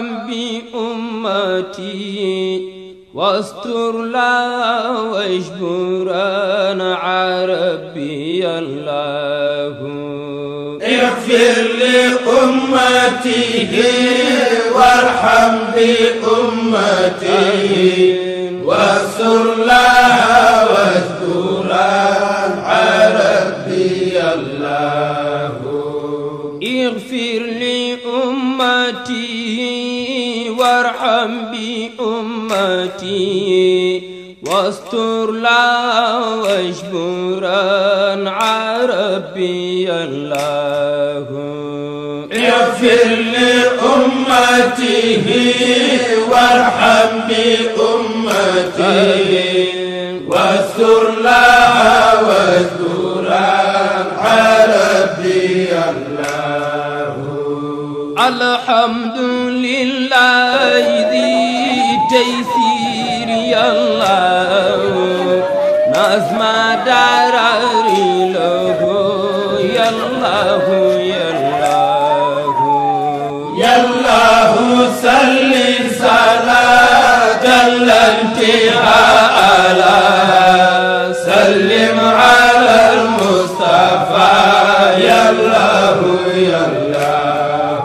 بأمتي واستر لها أنا عربي الله اغفر لأمته وارحم بأمتي واستر لها واجبر ربي الله اغفر لأمته وارحم بأمته واستر لها واستر ربي الله الحمد لله ذي تيسير الله ما دار يالله الله صل صلاة الانتهاء على سلم على المصطفى يالله يالله يا الله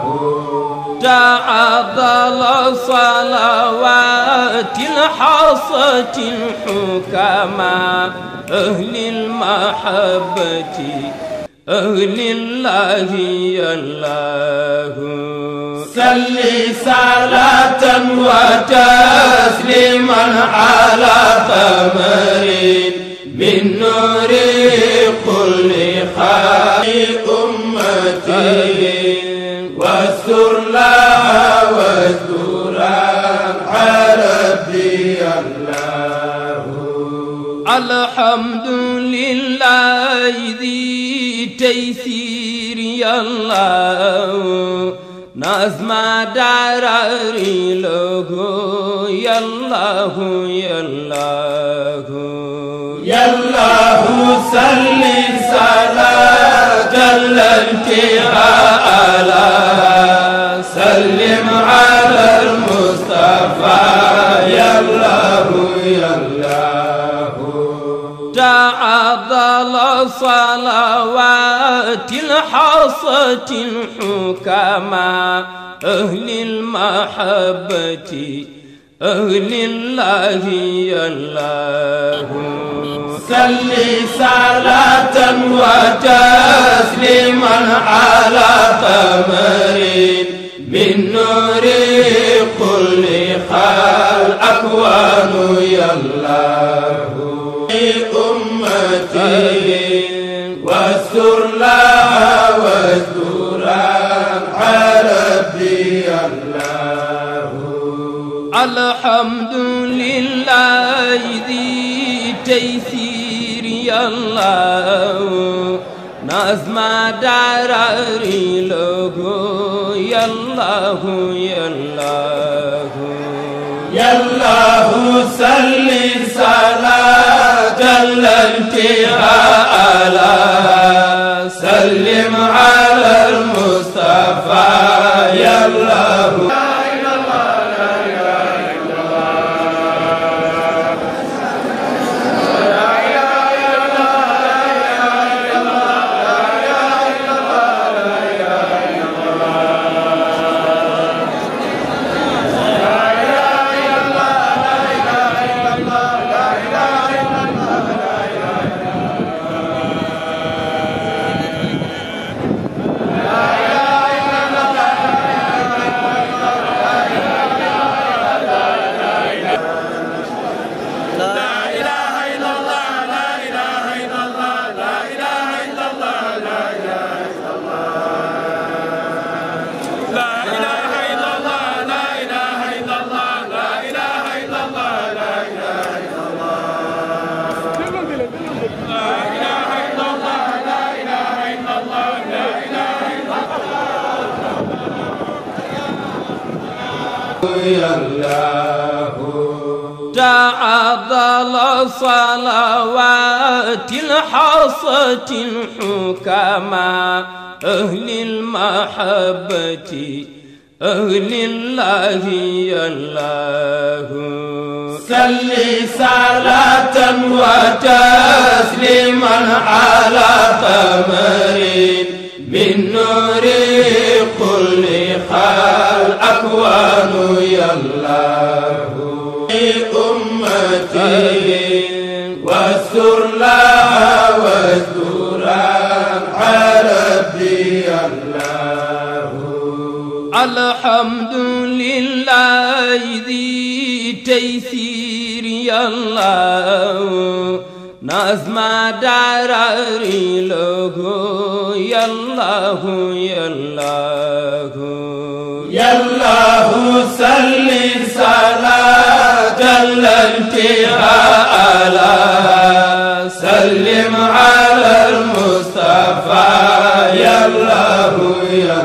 تعظل صلوات الحصة الحكماء أهل المحبة أهل الله الله صلي صلاة وتسليما على قمر من نور كل خير أمتي واستر لها واسترا على ربي الله الحمد لله ذي تيسير الله نظم دراري له يالله يالله يالله صلي صلاة الانتهاء على سلم على المصطفى يالله يالله تعظل صلاه حصت الحكماء أهل المحبة أهل الله يا الله صلي صلاة وتسليما على قمر من نور كل خلق يا الحمد لله ذي تيسير يا الله نظم داراري له يا الله يا الله يا الله صل صلاة الانتهاء على سلم على المصطفى يا الله يا الله صلوات الحصة الحكماء أهل المحبة أهل الله يا الله صلي صلاة وتسليما على قمر من نور قلبي الأهوال يا الله أمتي واستر لها واستر ربي الله الحمد لله ذي تيسير يا الله نظم داراري له يا الله يا الله الله صل صلاة الانتهاء على سلم على المصطفى يا الله يا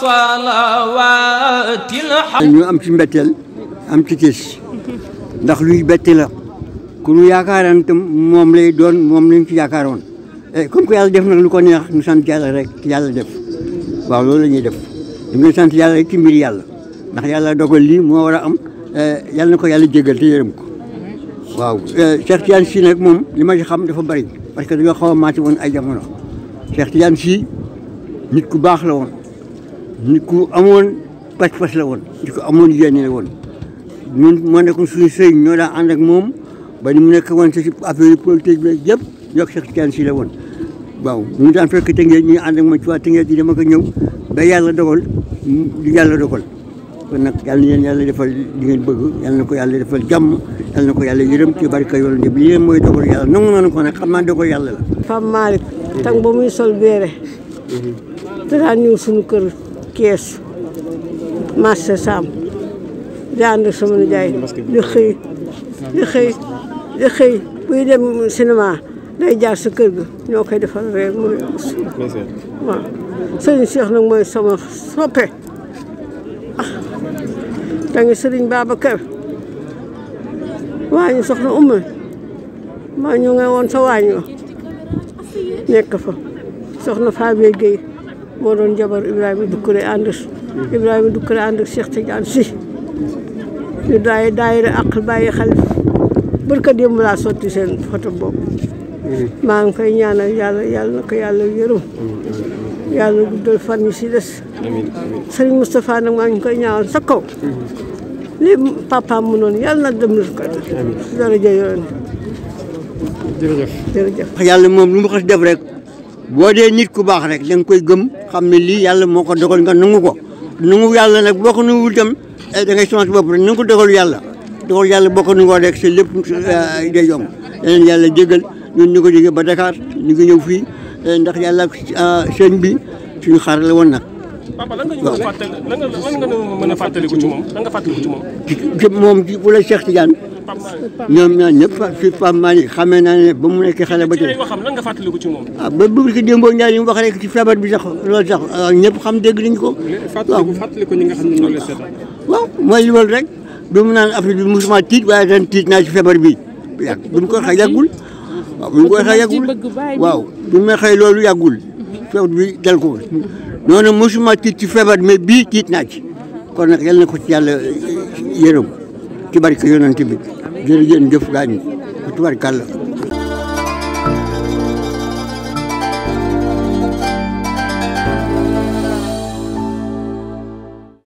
صلوات الحق نيو امتي مبتل امتي كيس داخلوي بتل كلو ياكار انتم موم لي دون موم لي Eh, comme que yàlla def nag lu ko neex ñu sant yàlla rek yàlla def waaw loolu la ñuy def ñu ngi sant yàlla rek ci mbir yàlla ndax yàlla dogal lii moo war a am eh, yàlla na ko yàlla jégal te yërëm ko waaw eh, Cheikh Tidiane Sy nag moom li ma xam dafa bari parce que dañoo xaw a maati woon ay jamono Cheikh Tidiane Sy nit ku baax la woon nu ko amoon pas-pas la woon nit ku amoon yéene la woon ñun moo nekkoon suñu sëriñ ñoo daa ànd ak moom ba ni mu nekk woon ci affaire politique bi yëpp ñoo Cheikh Tidiane Sy la woon waaw ñu daan fekk Tëngéej ñu ànd ak ma ci waa Tëngéej di dama ko ñëw ba yàlla dogal yàlla dogal kon nag yàlla na leen yàlla defal li bëgg yàlla na ko yàlla defal jàmm yàlla na ko yàlla yërëm ci barka yoon bi lii mooy dogal yàlla nangu noonu ko nag xam naa dogal yàlla la. Pape Malick. tàng ba muy sol béere. te daan ñëw suñu kër kees marché Sam di ànd ak sama nijaay di xëy di buy dem cinéma. day jaar sa kër gi ñoo koy defal reer mooy waaw sëriñ Cheikh nag mooy sama soppe ah sëriñ nga kër Babacar waañu soxna Umma maa ñu nga woon sa waañ nekk fa soxna Fabie Gueye moo doon jabar Ibrahima Doucouré ànd Ibrahima Doucouré ànd Cheikh Tidiane Sy ñu daay daayira ak bàyyi xalif barka démb laa sotti seen photo boobu maa ngi koy ñaanal yàlla yàlla na ko yàlla yërëm yàlla na guddal fan yi si des sëriñ Moustapha nag maa ngi koy ñaanal sa kaw lii papaam mënoon yàlla na dem la ko daraja yoon jërëjëf yàlla moom lu mu xas def rek boo dee nit ku baax rek da nga koy gëm xam ne lii yàlla moo ko dogal nga nangu ko nangu yàlla nag boo ko nanguwul itam eh, da ngay chance bopp rek nangu ko yàlla dogal yàlla boo ko nangoo rek sa lépp eh, day yomb yeneen yàlla jégal ñun ñu ko jógee ba Dakar ñu ngi ñëw fii eh, ndax yàlla ah, sëñ bi suñu xaar la woon nag. papa lan nga ñu fàttali lan nga mën a fàttaliku ci moom lan nga fàttaliku ci moom. ci moom ci wala Cheikh Tidiane. ñoom ñaan ñëpp fi Pape Malick xamee naa ne ba mu nekk xale ba tey. waxam lan nga fàttaliku ci moom. ah ba bu ko démboo Ndiaye li ci feebar bi sax loolu sax ah, ñëpp xam dégg nañu ko. waaw fàttaliku ñi nga xam ne ñoo lay seetaan. waaw mooy loolu rek. bi mu naan affaire bi mosuma tiit waaye ren tiit naa ci feebar bi yàgg bi mu ko xay yàggul waaw bu ñu koy xëy yàggul waaw bu loolu yàggul mm-hmm. feebar bi dal ko noonu mosuma tiit ci feebar mais bii tiit naa ci kon nag yal na ko ci yàlla yërëm ci barke yonent bi jërëjëf jëf gaa ñi tubarkàlla